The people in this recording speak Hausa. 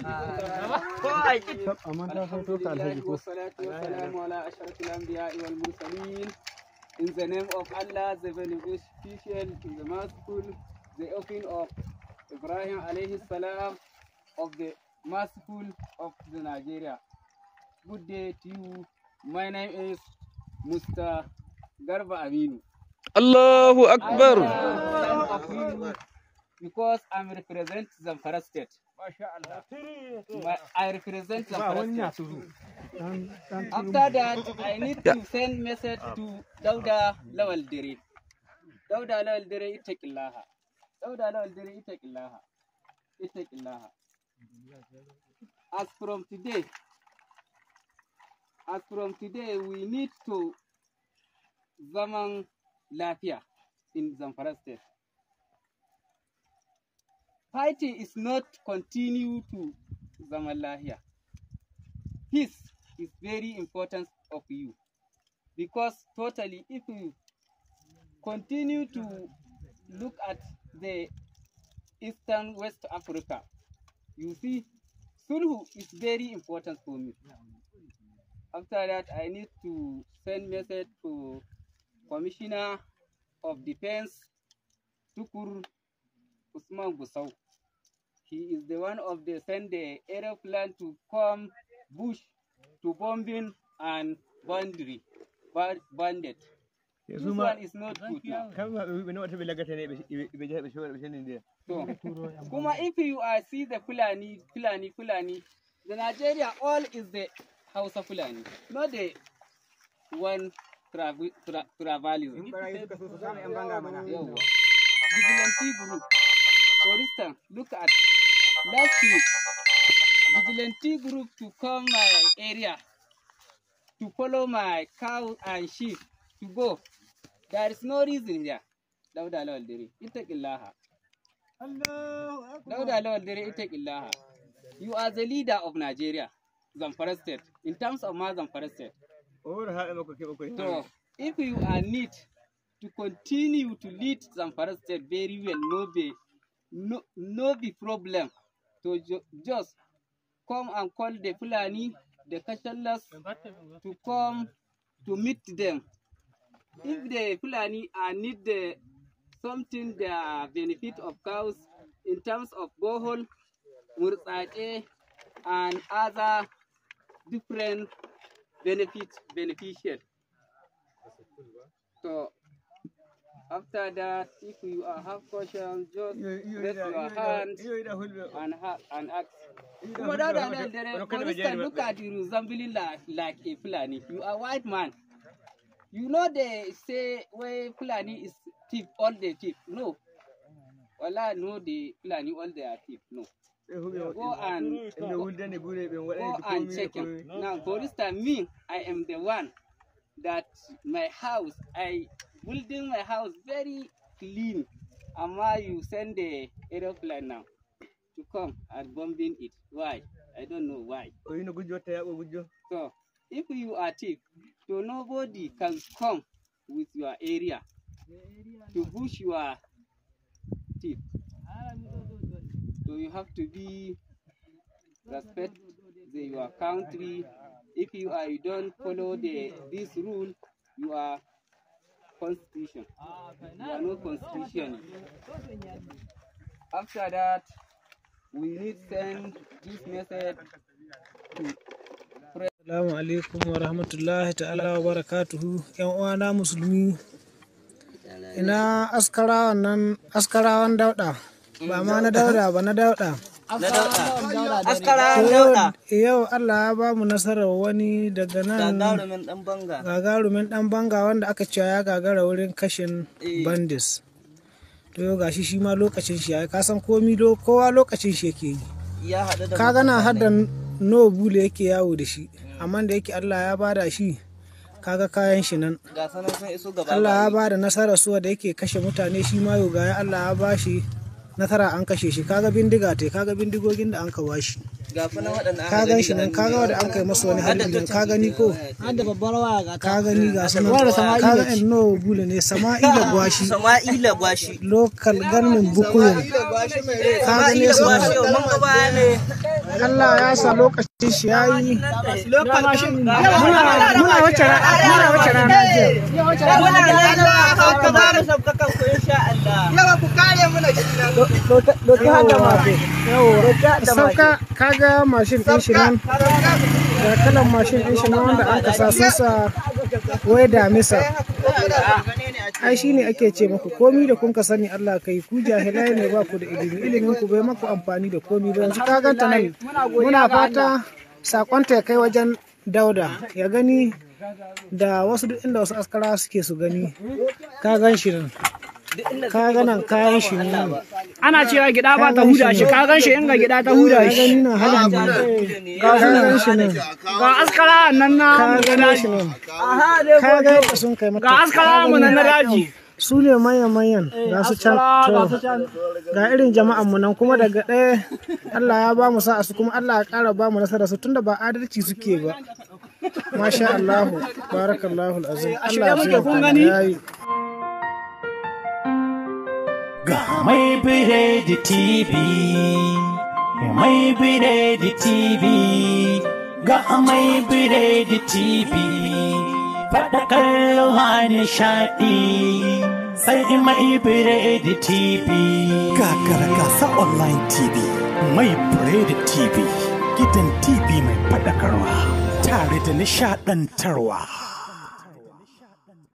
In the name of Allah, the beneficial, the merciful, the offering of Ibrahim alayhi salam of the merciful of the Nigeria. Good day to you. My name is Mr. Garba Aminu. Allahu Akbar. Allah. because I'm represent Zamfara State. I represent Zamfara State. After that, I need to send message to Dauda Lawal Diri. Dauda Lawal Diri Laha. Dauda Lawal Diri take Laha. As from today, as from today, we need to zaman lafiya in Zamfara State. Fighting is not continue to zaman lahiya. Peace is very important of you because totally if you continue to look at the Eastern West Africa, you see Sulhu is very important for me. After that, I need to send message to Commissioner of Defense, Tukur Usman Gusau. He is the one of the send the aeroplane to come bush to bombing and boundary, but bandit. This one is not good now. So, Kuma, if you are see the Fulani, Fulani, Fulani, the Nigeria all is the House of Fulani, not the one travel tra, travelism. Vigilanti For instance, look at last week, vigilante group to come my area to follow my cow and sheep to go. There is no reason here. Dauda Lawal Diri, Itaqillaha. Dauda Lawal Diri, Itaqillaha. You are the leader of Nigeria, Zamfara State, in terms of my Zamfara State. So, if you are need to continue to lead Zamfara State very well, no be no, no be problem to ju just come and call the Fulani, the Kashallas, to come to meet them. If the Fulani are need the, something the benefit of cows in terms of bohol, murtsate, and other different benefits beneficial. So After that, if you are have questions, just raise your hands and, ha and ask. for instance, look at you resembling like, like a Fulani. You are a white man. You know they say where Fulani is thief, all the thief. No. Well, I know the Fulani all they are thief. No. Go and, go, go and check him. Now, for instance, me, I am the one that my house, I building my house very clean. Amma, you send the aeroplane now to come and bombing it. Why? I don't know why. So, if you are thief, so nobody can come with your area to push your thief. So you have to be respect the, your country. If you are you don't follow the this rule, you are constitution. We are no constitution. After that, we need send this message to Assalamu alaikum wa rahmatullahi ta'ala wa barakatuhu ‘yan uwana musulmi ina askarawan nan askarawan dauda ba ma na dauda ba na dauda yau Allah ya ba mu nasarar wani daga nan gagarumin dan banga wanda aka cewa ya gagara wurin kashin eh. bandis to yau gashi shi ma lokacin shi ya kasan komi kowa lokacin shi yake yi ka gana hada no bule yake yawo da shi amma da yake Allah ya bada shi kaga kayan shi nan Allah ya bada nasarar suwa da yake kashe mutane shi ma yau ga Allah ya ba shi. nasara an kashe shi kaga bindiga te kaga bindigogin da an ka shi ka gan shi nan ka ga wanda an kai masa wani hali nan ka gani ko ka gani ga su nan ka ga in no bule ne sama'ila gwashi sama'ila gwashi local gannin bukuyin ka gani ba ne Allah ya sa lokaci shi ya yi muna wace rana rana yawa ku kare muna sauka kaga mashin ɗin shi nan da kalan mashin ɗin shi nan wanda aka sa sun sa da damisa ai shi ne ake ce maku komi da kun ka sani Allah ka yi ku jahilai ne ba ku da ilimi ilimin ku bai maku amfani da komi ba yanzu ka ganta nan muna fata sakonta ya kai wajen dauda ya gani da wasu duk inda wasu askara suke su gani ka gan shi nan ka ganan kayan shi nan ana cewa gida ba ta huda shi ka gan shi gida ta huda shi ka gan shi nan ga askara nan na gida shi nan ka ga sun kai mata ga askara mu nan na daji su ne manyan-manyan eh, ga su can ga irin jama'an mu nan kuma daga ɗaya Allah ya ba mu sa'a su kuma Allah ya ƙara ba mu nasara su tunda ba adalci suke ba masha Allah barakallahu alazim eh, Allah ya kun ga mai biredi tv mai biredi tv ga mai biredi tv faɗa kallo nishaɗi sai mai biredi tv kakar gasa online tv mai biredi tv gidan tv mai faɗakarwa tare da nishaɗantarwa